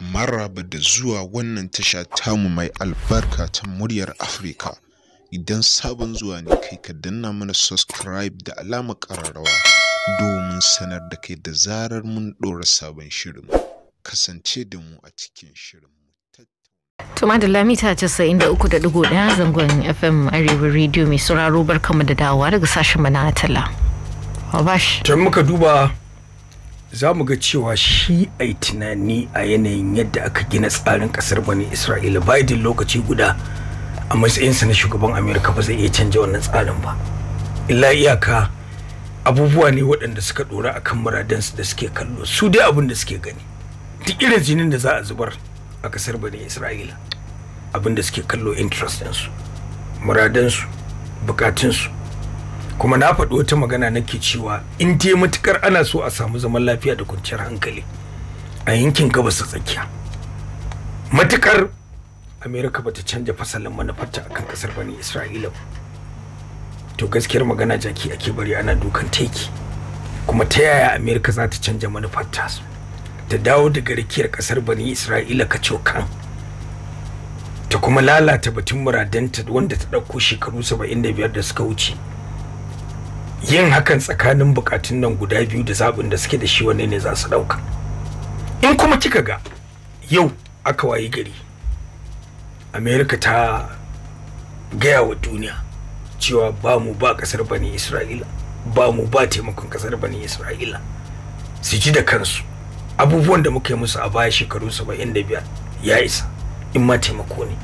maraba da zuwa wannan tasha tamu mai albarka ta muryar Afirka. Idan sabon zuwa ne kai ka danna mana subscribe da alama kararrawa domin sanar da kai da zarar mun ɗora sabon shirin. Kasance da mu a cikin shirin. Tuma da lamita daya zangon FM Arewa Radio mai sauraro barkamu da dawowa daga sashen mana tala. Wabash. Can muka duba za mu ga cewa shi a yi tunani a yanayin yadda aka gina tsarin kasar bani isra'ila biden lokaci guda a matsayinsa na shugaban Amurka ba zai iya canja wannan tsarin ba illa iyaka abubuwa ne waɗanda suka ɗora a kan muradansu da suke kallo su dai abin da suke gani duk irin jinin da za a zubar a kasar bani isra'ila abin da suke kallo interest ɗinsu muradansu bukatunsu kuma na faɗi wata magana nake cewa in te matukar ana so a samu zaman lafiya da kwanciyar hankali a yankin gabas tsakiya matukar amerika bata canja fasalin manufarta akan kasar bani isra'ila to gaskiyar magana jaki ake bari ana dukan teki kuma ta yaya amerika za ta canja manufarta ta dawo daga rikiyar kasar bani isra'ila ka cokan ta kuma lalata batun muradanta wanda ta ɗauko shekaru 75 da suka wuce yin hakan tsakanin bukatun nan guda biyu da zaɓin da suke da shi wanne ne za su ɗauka in kuma kika ga yau aka wayi gari amerika ta gaya wa duniya cewa ba mu ba ƙasar bani isra'ila ba mu ba taimakon ƙasar bani isra'ila su ji da kansu abubuwan da muka yi musu a baya shekaru da biyar ya isa in ma taimako ne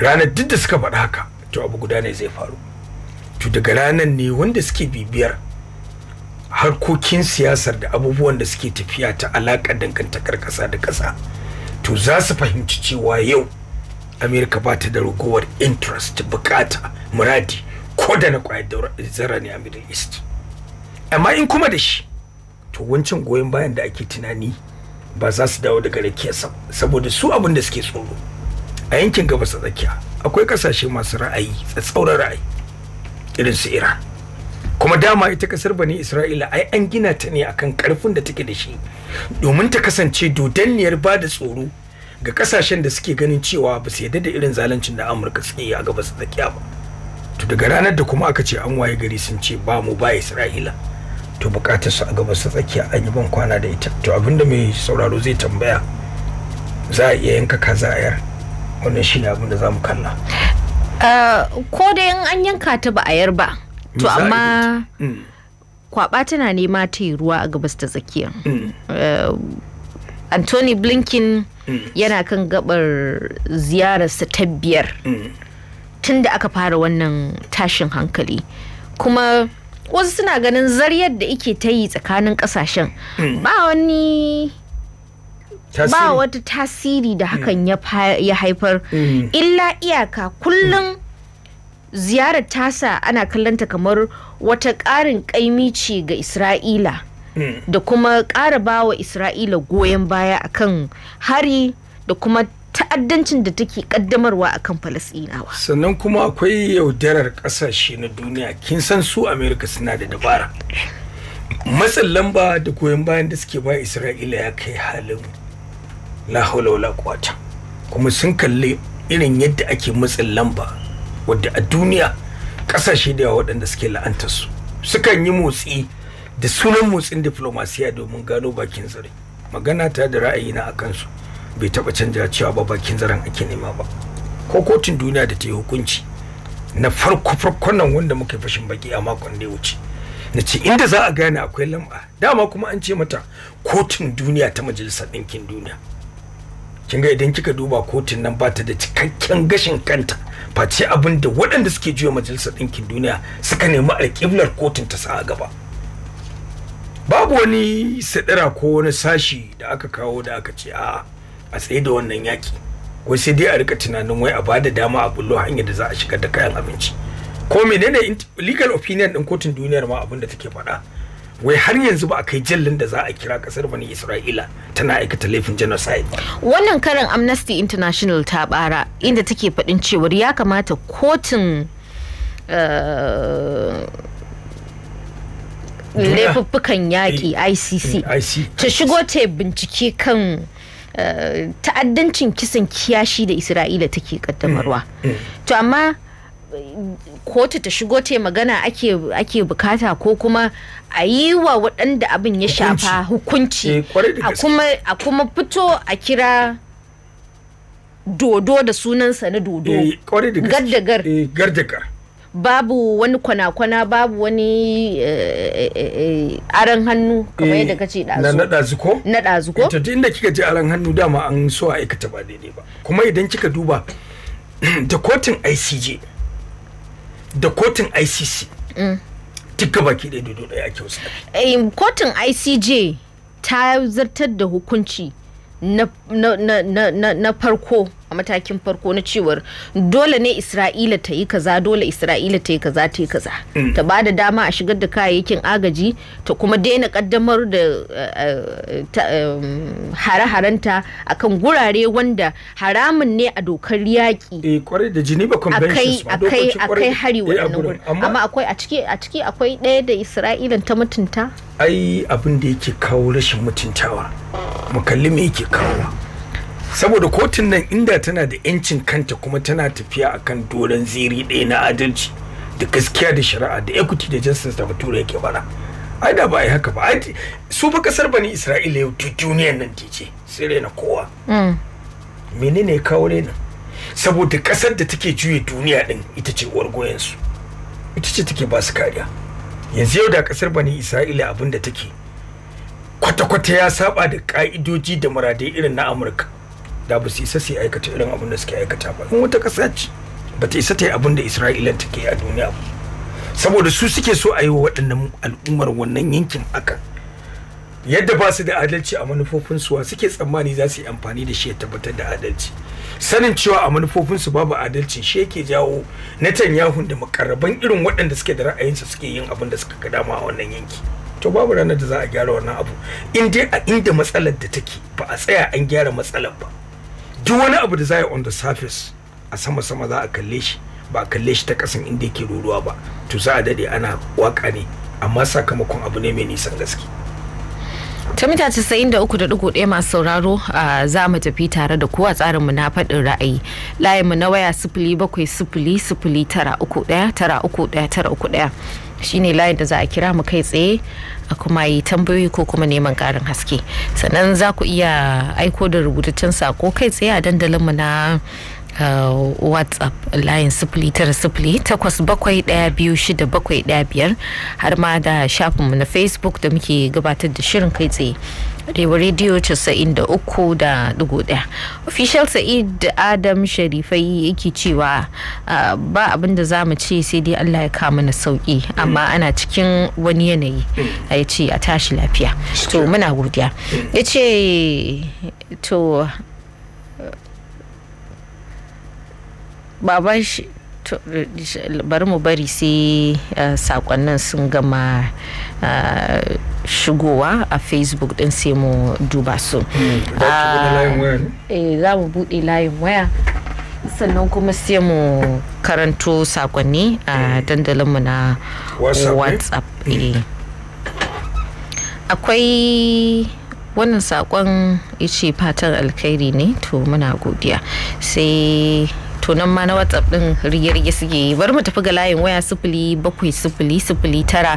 ranar duk da suka faɗi haka to abu guda ne zai faru to daga ranar ne wanda suke bibiyar harkokin siyasar da abubuwan da suke tafiya ta alaƙa dangantakar ƙasa da ƙasa to za su fahimci cewa yau amerika ba ta da ragowar interest bukata muradi ko da na kwayar zara ne a middle east amma in kuma da shi to wancan goyon bayan da ake tunani ba za su dawo daga rakiyarsa saboda su abin da suke tsoro a yankin gabas tsakiya akwai kasashe masu ra'ayi tsatsauran ra'ayi irin su iran kuma dama ita kasar bani isra'ila ai an gina ta ne akan karfin da take da shi domin ta kasance dodanniyar ba da tsoro ga kasashen da suke ganin cewa ba su yadda da irin zaluncin da amurka suke yi a gabas da tsakiya ba to daga ranar da kuma aka ce an waye gari sun ce ba mu ba isra'ila to bukatar su a gabas su tsakiya an yi ban kwana da ita to abinda mai sauraro zai tambaya za a iya yanka kaza a yar wannan shi ne abin da za mu kalla Eh, ko dai in an yanka ta ba a yar ba to amma mm. kwaba tana nema ta yi ruwa a gabas ta tsakiya mm. eh, anthony blinken mm. yana kan gabar ziyararsa ta biyar tun da aka fara wannan tashin hankali kuma wasu suna ganin zaryar da ike ta yi tsakanin kasashen ba wani ba wata tasiri da hakan mm. ya haifar mm. illa iyaka kullum mm. ziyarar tasa ana kallonta kamar wata ƙarin ƙaimi ce ga isra'ila da kuma ƙara bawa isra'ila goyon baya akan hari da kuma ta'addancin da take kaddamarwa akan falasɗinawa sannan kuma akwai yaudarar ƙasashe na duniya kin san su amerika suna da dabara matsin lamba da goyon bayan da suke ba isra'ila ya kai halin la haula wala quwwata kuma sun kalli irin yadda ake matsin lamba wadda a duniya kasashe da yawa waɗanda suke la'antar su sukan yi motsi da sunan motsin diplomasiya domin gano bakin zare magana ta da ra'ayina a kansu bai taɓa canja cewa ba bakin zaren ake nema ba ko kotun duniya da ta yi hukunci na farko farkon nan wanda muka fashin baki a makon da ya wuce na ce inda za a gane akwai lamba dama kuma an ce mata kotun duniya ta majalisar ɗinkin duniya kin ga idan kika duba kotun nan ba ta da cikakken gashin kanta face abin da waɗanda suke juya majalisar ɗinkin duniya suka nemi alƙiblar kotun ta sa gaba babu wani sadara ko wani sashi da aka kawo da aka ce a a tsaye da wannan yaki wai sai dai a rika tunanin wai a bada dama a bullo hanyar da za a shigar da kayan abinci ko menene legal opinion din kotun duniyar ma abin da take faɗa wai har yanzu ba a kai jallin da za a kira kasar bani isra'ila tana aikata laifin genocide wannan karin amnesty international ta bara inda take faɗin cewar ya kamata kotun eh, laifuffukan yaƙi eh, icc eh, ta shigo ta bincike kan ta'addancin kisan kiyashi da isra'ila take kaddamarwa mm, mm. to amma kotu ta shigo ta magana ake ake bukata ko kuma a yi wa waɗanda abin ya shafa hukunci eh, a kuma fito a kira dodo da sunansa na dodo eh, gardagar eh, gardagar babu wani kwana-kwana babu wani aran hannu kamar yadda ka ce ɗazu na ɗazu ko na ɗazu ko duk inda kika ji aran hannu dama an so a aikata ba daidai ba kuma idan kika duba da kotun icj da kotun icc mm. duka baki da dodo da ake wasu eh, kotun icj ta zartar da hukunci na farko a matakin farko na cewar dole ne isra'ila ta yi kaza dole isra'ila ta yi kaza ta yi kaza mm. ta ba da dama a shigar da kayayyakin agaji ta kuma daina kaddamar da eh, eh, hare-harenta akan gurare wanda haramun ne a dokar yaƙi eh, kai hari amma akwai a ciki akwai ɗaya da isra'ila ta mutunta ai abin da yake kawo rashin mutuntawa mu kalli me yake kawo saboda kotun nan inda tana da yancin kanta kuma tana tafiya akan doron ziri ɗaya na adalci da gaskiya da shari'a da equity da justice da bature yake bara ai da ba yi haka ba su ba kasar bani isra'ila yau duniyar nan ke ce sai na kowa mm. menene ya kawo nan saboda kasar da take juye duniya din ita ce uwar goyensu ita ce take ba su kariya yanzu yau da kasar bani isra'ila abin da take kwata-kwata ya saba da ka'idoji da muradai irin na amurka da ba su isa su aikata irin abin da suke aikata ba in wata ƙasa ce ba ta isa ta yi abin da isra'ila ke a duniya ba saboda su suke so a yi wa waɗannan al'ummar wannan yankin haka yadda ba su da adalci a manufofinsu wa suke tsammani za su yi amfani da shi ya tabbatar da adalci sanin cewa a manufofinsu babu adalci shi yake jawo Netanyahu da makarraban irin waɗanda suke da ra'ayinsa suke yin abin da suka ga dama a wannan yanki to babu ranar da za a gyara wannan abu in dai a inda matsalar da take ba a tsaya an gyara matsalar ba duk wani abu da za on the surface a sama sama za a kalle shi ba a kalle shi ta kasan inda yake ruruwa ba to za a dade ana waka ne amma sakamakon abu ne mai nisan gaske ta mita 93.1 masu sauraro za mu tafi tare da kuwa tsarinmu na faɗin ra'ayi layinmu na waya 0700931 shine layin da za a kira mu kai tsaye a kuma yi tambayoyi ko kuma neman ƙarin haske sannan za ku iya aiko da rubutaccen sako kai tsaye a dandalinmu na Uh, whatsapp layin sifili tara sifili takwas bakwai daya biyu shida bakwai daya biyar har ma da shafinmu na facebook da muke gabatar da shirin kai tsaye Rewa Radio 93.1 Official Sa'id Adam Sharifai yake cewa ah, ba abin da za mu ce sai dai Allah ya kama na sauki amma ana cikin wani yanayi a ya ce a tashi lafiya. To muna godiya. Ya ce to baban shi bari mu bari sai eh, sakonnin sun gama eh, shigowa a facebook din sai mu duba su hmm, ah, eh, za mu bude layin waya sannan kuma sai mu karanto sakonni a dandalinmu na whatsapp akwai wannan sakon ya ce fatan alkhairi ne to muna godiya sai to nan ma na whatsapp din rige-rige suke yi bari mu tafi ga layin waya sifili bakwai sifili sifili tara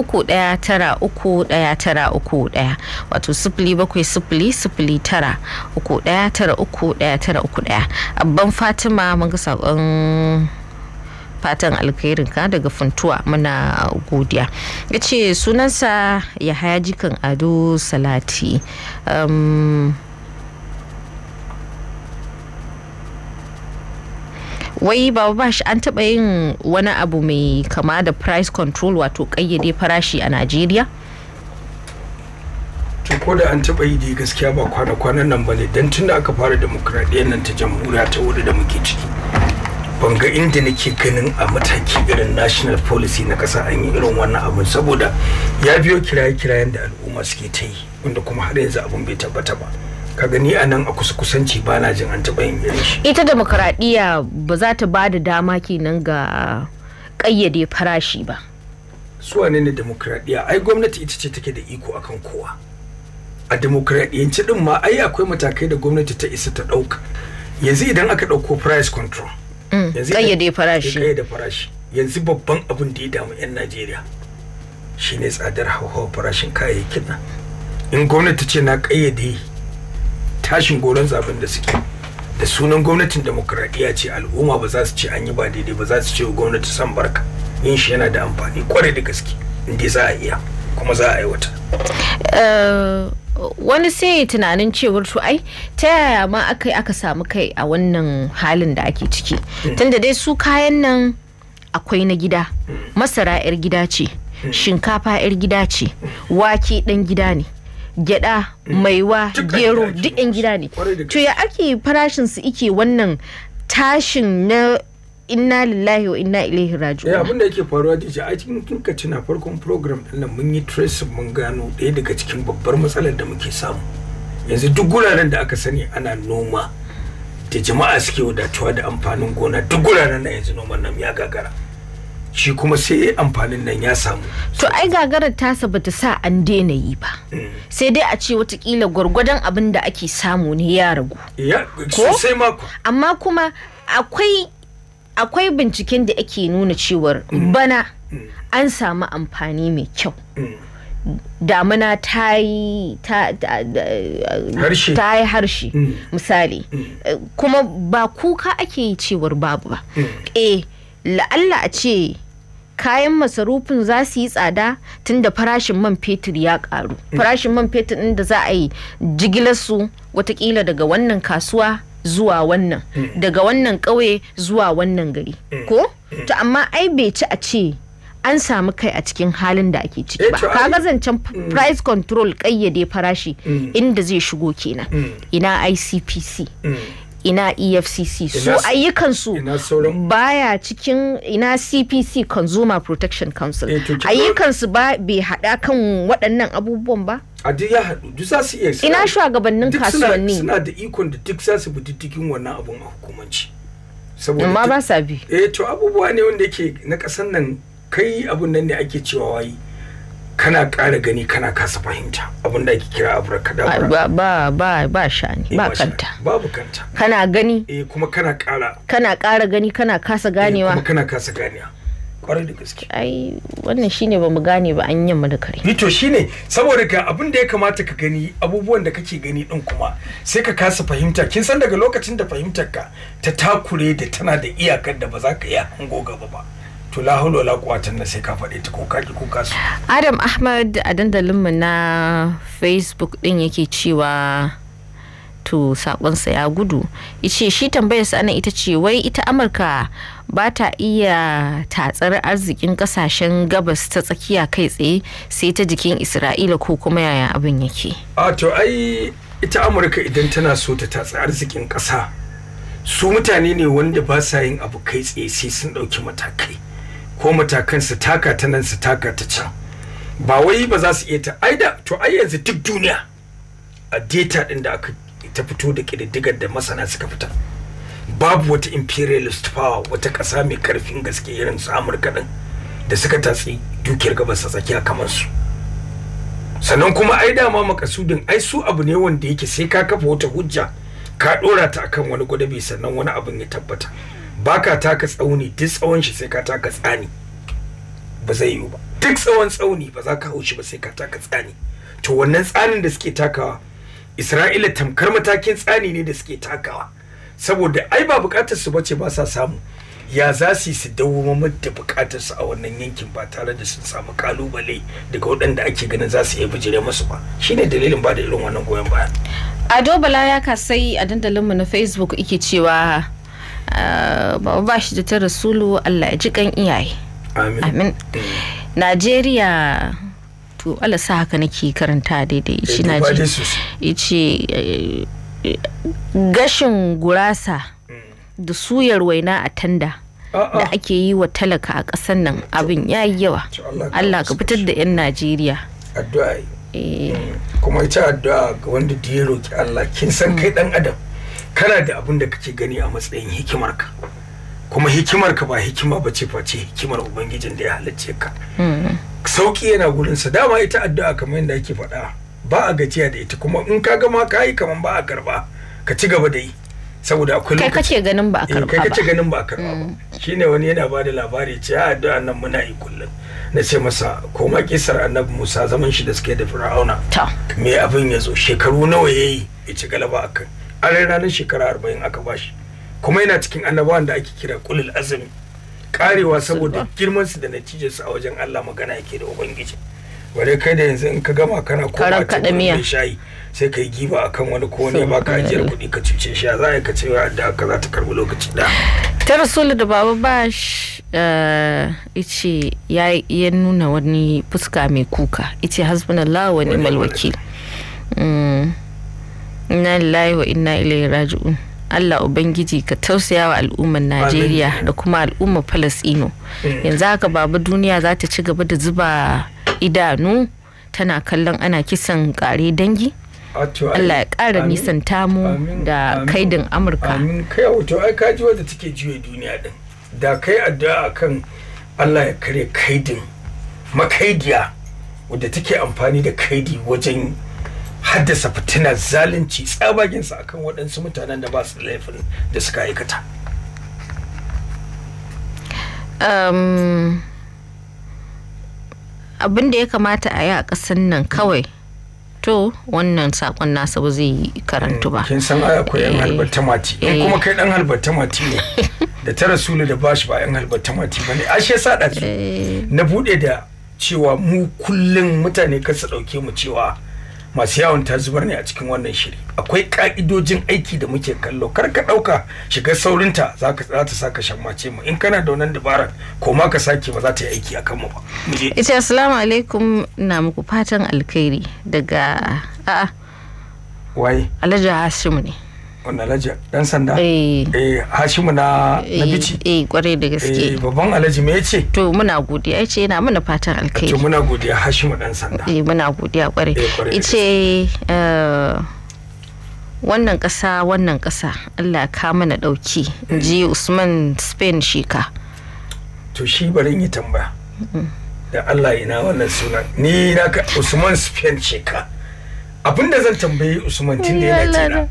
uku daya tara uku daya tara uku daya wato sifili bakwai sifili sifili tara uku daya tara uku daya tara uku daya abban fatima mun ga sakon fatan alkhairin ka daga funtuwa muna godiya ya ce sunansa ya haya jikan ado salati um, wai ba bash an taɓa yin wani abu mai kama da price control wato ƙayyade farashi a najeriya ko da an taba yi da gaskiya ba kwana-kwanan nan ba ne don tun da aka fara demokradiyyar nan ta jamhuriya ta wuri da muke ciki banga inda nake ganin a mataki irin national policy na kasa an yi irin wannan abun saboda ya biyo kiraye-kirayen da al'umma suke ta yi wanda kuma har yanzu abin bai tabbata ba ka gani a nan a kusa kusanci ba na jin an taɓa yin irin shi ita demokaradiyya ba za ta ba da dama kenan ga ƙayyade farashi ba su ne ne demokaradiyya ai gwamnati ita ce take da iko akan kowa a demokaradiyyanci din ma ai akwai matakai da gwamnati ta isa ta ɗauka yanzu idan aka ɗauko price control mm, ƙayyade farashi ƙayyade farashi yanzu babban abin da ya damu 'yan najeriya shine tsadar hauhawar farashin kayayyakin nan in gwamnati ce na ƙayyade tashin goron zaben da suke da sunan gwamnatin demokradiyya ce al'umma ba za su ce an yi ba daidai ba za su ce gwamnati san barka yin shi yana da amfani kwarai da gaske inda za a iya kuma za a aiwata eh, wani sai tunanin cewar to ai ta yaya ma aka aka samu kai a wannan halin da ake ciki hmm. tunda dai su kayan nan akwai na gida hmm. masara 'yar gida ce hmm. shinkafa 'yar gida ce wake ɗan gida ne gyada eh, maiwa gero duk yan gida ne to ya ake farashin su ike wannan tashin na inna lillahi wa inna ilaihi raji'un eh abin da yake faruwa ji a cikin kinka tuna farkon program din nan mun yi trace mun gano ɗaya daga cikin babbar matsalar da muke samu yanzu duk guraren da aka sani ana noma da jama'a suke wadatuwa da amfanin gona duk guraren na yanzu noman nan ya gagara shi kuma sai amfanin nan ya samu to ai gagarar tasa bata sa an daina yi ba mm. sai dai a ce watakila gwargwadon abin da ake samu ne ya ragu sosai mako amma kuma akwai akwai binciken da ake nuna cewar mm. bana mm. an samu amfani mai kyau damuna ta yi harshe misali eh, kuma ba kuka ake yi cewar babu ba eh la'alla a ce kayan masarufin za su yi tsada tun da farashin man fetur ya karu farashin man fetur ɗin da za a yi su watakila daga wannan kasuwa zuwa wannan daga wannan ƙauye zuwa wannan gari ko to amma ai bai ci a ce an samu kai a cikin halin da ake ciki eh, ba kaga zancen mm. price control kayyade farashi mm. inda zai shigo kenan mm. ina icpc ina efcc su ayyukansu baya cikin ina cpc consumer protection council eh, ayyukansu ba bai hada kan waɗannan abubuwan ba a duk ya haɗu duk za su iya ina shugabannin kasuwanni suna da ikon da duk za su bi diddigin wannan abun a hukumanci saboda amma ba sa bi eh to abubuwa ne wanda yake na ƙasan nan kai abun nan ne ake cewa wayi kana ƙara gani kana kasa fahimta abin da ake kira abura ba ba ba ba shani eh, ba kanta babu kanta kana gani eh kuma kana ƙara kana ƙara gani kana kasa eh, ganewa kuma kana kasa ganewa kwarai da gaske ai wannan shine bamu gane ba an yamma da kare to shine saboda ka abin da ya kamata ka gani abubuwan da kake gani din kuma sai ka kasa fahimta kin san daga lokacin da fahimtar ka ta takure da tana da iyakar da ba za ka iya hango gaba ba to la wala sai ka faɗi ta kuka ki kuka su. Adam Ahmad a dandalin mu na Facebook ɗin yake cewa to sakonsa ya gudu yace shi tambayar ana ita ce wai ita Amurka ba ta iya tatsar arzikin kasashen gabas ta tsakiya kai tsaye sai ta jikin isra'ila ko kuma yaya abin yake a to ai ita amurka idan tana so ta tatsar arzikin kasa su mutane ne wanda ba sa yin abu kai tsaye sai sun ɗauki matakai ko matakan su taka ta nan su taka ta can ba wai ba za su iya ta aida to ai yanzu duk duniya a data din da aka ta fito da kididdigar da masana suka fita babu wata imperialist power wata kasa mai karfin gaske irin su amurka din da suka tatsi dukiyar gabas ta tsakiya kamar su sannan kuma ai dama makasudin ai su abu ne wanda yake sai ka kafa wata hujja ka dora ta akan wani gwadabi sannan wani abin ya tabbata baka taka tsauni duk tsawon shi sai ka taka tsani ba zai yiwu ba duk tsawon tsauni ba za ka hau ba sai ka taka tsani to wannan tsanin da suke takawa isra'ila tamkar matakin tsani ne da suke takawa saboda ai ba bukatar su bace ba sa samu ya za su su dawwamar da bukatar su a wannan yankin ba tare da sun samu kalubale daga waɗanda ake ganin za su iya bijire musu ba shine dalilin ba da irin wannan goyon baya ado bala ya kasai a dandalinmu na facebook ike cewa ba shi da ta rasulu allah ya ji kan iyaye amin mm. najeriya to allah sa haka nake karanta daidai eh, Najeriya. ice eh, gashin gurasa mm. da suyar waina a tanda ah, ah. da ake yi wa talaka a ƙasar nan abin ya yi yawa allah ka fitar da 'yan najeriya addu'a eh. mm. kuma ita addu'a ga wanda da ya roki allah kin san kai dan adam kana da abin da kake gani a matsayin hikimarka kuma hikimarka ba hikima ba ce face hikimar ubangijin da ya halicce ka hmm. sauki yana sa dama ita addu'a kamar yadda ake faɗa ba a gajiya da ita kuma in ka gama ka yi kamar ba a karba ka ci gaba da yi saboda akwai lokaci kai kace ganin ba a karba eh, kai kace ganin ba a karba ba hmm. shine wani yana bada labari ce a ah, addu'a nan muna yi kullum na ce masa ko ma kisar annabi Musa zaman shi da suke da Fir'auna me abin ya zo shekaru nawa yayi ya ci galaba akan har ranar shekara arba'in aka bashi kuma yana cikin annabawan da ake kira kulil azumi karewa saboda girmansu da natijar su a wajen Allah magana yake da ubangiji bare kai da yanzu in ka gama kana ko a cikin shayi sai kai giba akan wani ko ba ka ajiyar kuɗi ka cuce shi za a ka ce da ka za ta karbi lokaci da ta rasulu da baba bash eh, ice ya nuna wani fuska mai kuka ice hasbunallah wa ni'mal wakil mm. inna lillahi wa inna ilaihi raji'un Allah Ubangiji ka tausaya wa al'ummar Najeriya da kuma al'ummar Falasino. Eh. Yanzu haka baba duniya za ta ci gaba da zuba idanu tana kallon ana kisan kare dangi. Allah ya ƙara nisan tamu da kaidin Amurka. Amin kai wato ai kaji wadda take juya duniya din. Da kai addu'a akan Allah ya kare kaidin makaidiya wadda take amfani da kaidi wajen haddasa fitinar zalunci a akan waɗansu mutanen da ba su laifin da suka aikata um, abin da ya kamata a yi a kasan nan kawai to wannan sakon nasa ba zai karantu ba kin san ai akwai yan eh. halbatta mati in eh. kuma kai dan halbatta mati ne da ta rasulu da bashi ba yan halbatta mati bane ashe sa da eh. na bude da cewa mu kullum mutane kar su dauke mu cewa masu yawon ta zubar ne a cikin wannan shiri akwai ka'idojin aiki da muke kallo kar ka ɗauka shiga saurinta za ta saka shammace mu in kana da wannan dabarar ko ma ka sake ba za ta yi aiki a kanmu ba. ita assalamu alaikum na muku fatan alkhairi daga a'a wai alhaji hashim ne wanda alhaji dan sanda eh. eh hashimu na na bici eh kwarai eh, da gaske eh babban alhaji me yace to muna godiya yace yana mana fatan alkai to muna godiya hashimu dan sanda eh muna godiya kwarai yace eh, wannan kasa wannan kasa Allah ka mana dauki mm. ji Usman Spain shika to shi barin yi tambaya da Allah ina wannan sunan ni na Usman Spain shika abinda zan tambayi Usman tun da yana tina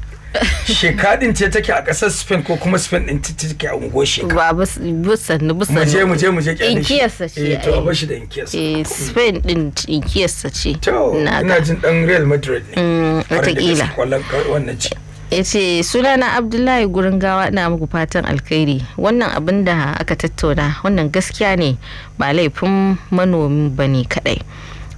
shekadin ce take a kasar spain ko kuma spain din take a unguwar shekara ba busan ni busan mu muje muje muje mu in inkiyarsa ce eh to a bashi da inkiyarsa eh hmm. spain din inkiyarsa ce to ina jin dan real madrid ne mm, kila wannan ce ya ce sunana abdullahi gurin gawa ina muku fatan alkhairi wannan abin da aka tattauna wannan gaskiya ne ba laifin manomi ba ne kadai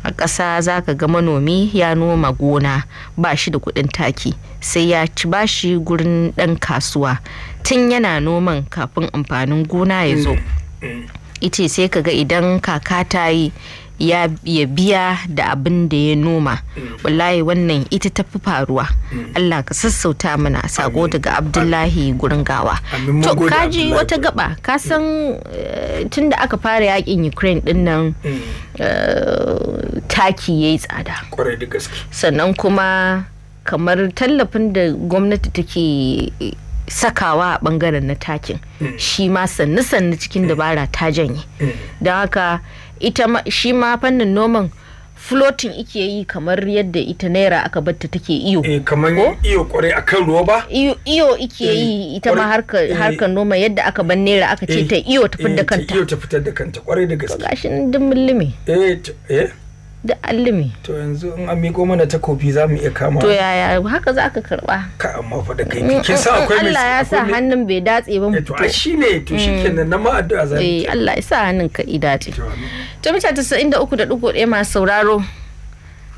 a ƙasa za ka ga manomi ya noma gona ba shi da kuɗin taki sai ya ci ba shi gurin ɗan kasuwa tun yana noman kafin amfanin gona ya zo mm. mm. ita sai ka ga idan kaka ta yi ya biya da abin da ya noma mm. wallahi wannan ita ta fi faruwa mm. Allah ka sassauta mana sako daga abdullahi gurin gawa to kaji wata gaba kasan san eh, tun da aka fara yakin ukraine din nan mm. eh, taki ya yi tsada sannan kuma kamar tallafin da gwamnati take sakawa a bangaren na takin mm. shi ma sannu sannu cikin mm. dabara ta janye mm. don haka ita shi ma fannin noman floating ike yi kamar yadda ita naira aka batta take iyo eh kamar iyo kware akan ruwa ba iyo ike eh, yi ita ma eh. harkar noma yadda aka ban naira aka ce eh. ta iyo ta fitar da kanta iyo ta fitar da kanta kware da gaske gashin dimmulli eh eh da allumi to yanzu in an miko mana takobi za mu iya kama to yaya haka za ka karba ka amma fa da kai mm, kin sa mm, mm, akwai mai Allah ya sa hannun bai datse ba eh, to a shine to shikenan na ma addu'a za eh Allah ya sa hannun ka idace to mita 93.1 ma sauraro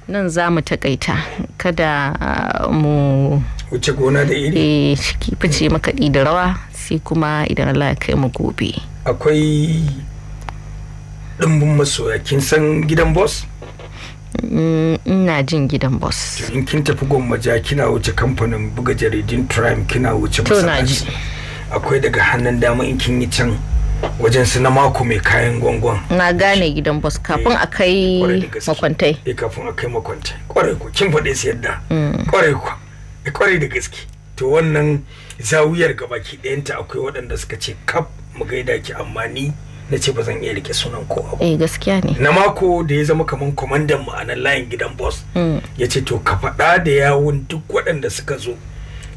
nan za mu takaita kada ah, mu wuce gona da iri eh fice makaɗi da rawa sai kuma idan Allah ya kai mu gobe akwai ɗumbin masoya kin san gidan boss ina jin gidan boss in kin tafi ja kina wuce kamfanin buga jaridin prime kina wuce masallaci akwai daga hannun dama in kin yi can wajen su na mako mai kayan gwangwan na gane gidan boss kafin a kai eh, makwantai eh kafin a kai makwantai kwarai ku kin faɗe su yadda mm. kwarai ku eh, kwarai da gaske to wannan zawiyar gabaki ɗayanta akwai waɗanda suka ce kaf mu gaida ki amma ni na ce ba zan iya rike sunan kowa ba eh gaskiya ne na mako da ya zama kaman kwamandan mu a layin gidan boss mm. ya ce to ka faɗa da yawun duk waɗanda suka zo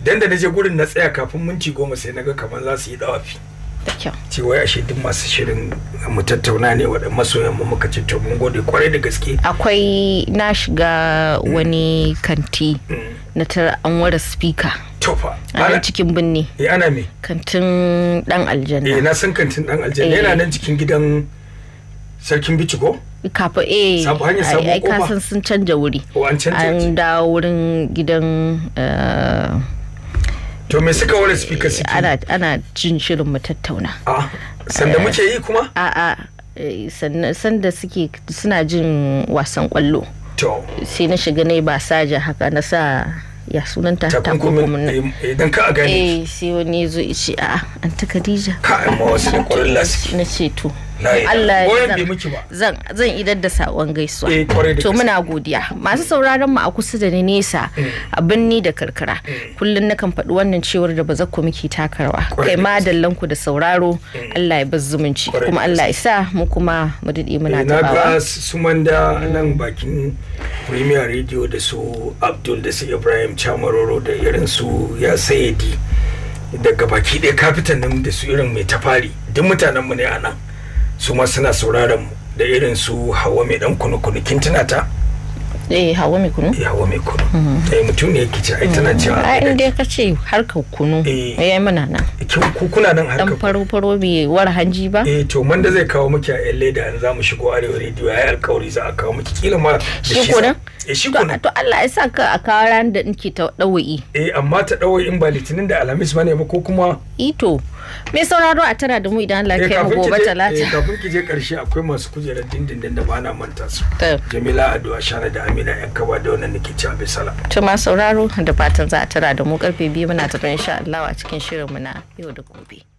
dan da na je gurin na tsaya kafin minti goma sai naga ga kaman za su yi dawafi da kyau cewa ya duk masu shirin mu tattauna ne wa masoyan mu muka ce mun gode kwarai da gaske akwai na shiga mm. wani kanti mm. na tara an wara speaker tofa ana cikin binne eh ana me kantin dan aljanna eh na san kantin dan aljanna yana eh. nan cikin gidan sarkin biciko kafa eh sabu hanyar sabu ai kasan sun canja wuri oh, an dawo wurin gidan eh, to me suka wale speaker suke ana ana jin shirin mu tattauna a sanda eh. muke yi kuma a a eh, sanda suke suna jin wasan kwallo to sai na shiga na ba basaja haka na sa ya sunan ta takunkumin nan eh, idan ka gane eh sai wani zo ya ce a an ta Khadija ka amma wasu kwallo kwallon laski na ce to Allah ya zan idar da sakon gaisuwa eh, to muna godiya masu sauraron mu a kusa da nesa eh. a birni da karkara na eh. nakan faɗi wannan cewar da ba bazakku muke takarwa kai madallan ku da sauraro Allah ya bar zumunci kuma Allah ya sa mu kuma mu dade muna tabawa na ga su manda nan bakin Premier Radio da su Abdul da su Ibrahim Chamaroro da irin su ya sayedi daga baki ɗaya kafitan nan da su irin mai tafari duk mutanen mu ne a nan su ma suna sauraron mu da irin su hawa mai dan kunu kunu kin tuna ta eh hawa mai kunu eh hawa mai kunu mhm. eh mutum ne yake ce ai tana mhm. cewa ai in dai ka ce harkar kunu yayi eh. mana nan kin ku kuna nan harkar dan faro faro bi war hanji ba eh to man da zai kawo miki a yalle da an zamu shigo arewa radio yayi alƙawari za a kawo miki kila ma shi kunan eh shi kunan to Allah ya sa ka a kawo ran da nake ta dawai eh amma ta dawai in ba litinin da alhamis bane ba ko kuma ito me sauraro a tara da mu idan Allah kai eh, gobe talata kafin ki je eh, karshe akwai masu kujerar dindindin da bana manta su Jamila a shara da Amina yan kaba da wannan nake ci abin sala to ma sauraro da fatan za a tara da mu karfe biyu muna tafi insha Allah a cikin shirin mu na yau da gobe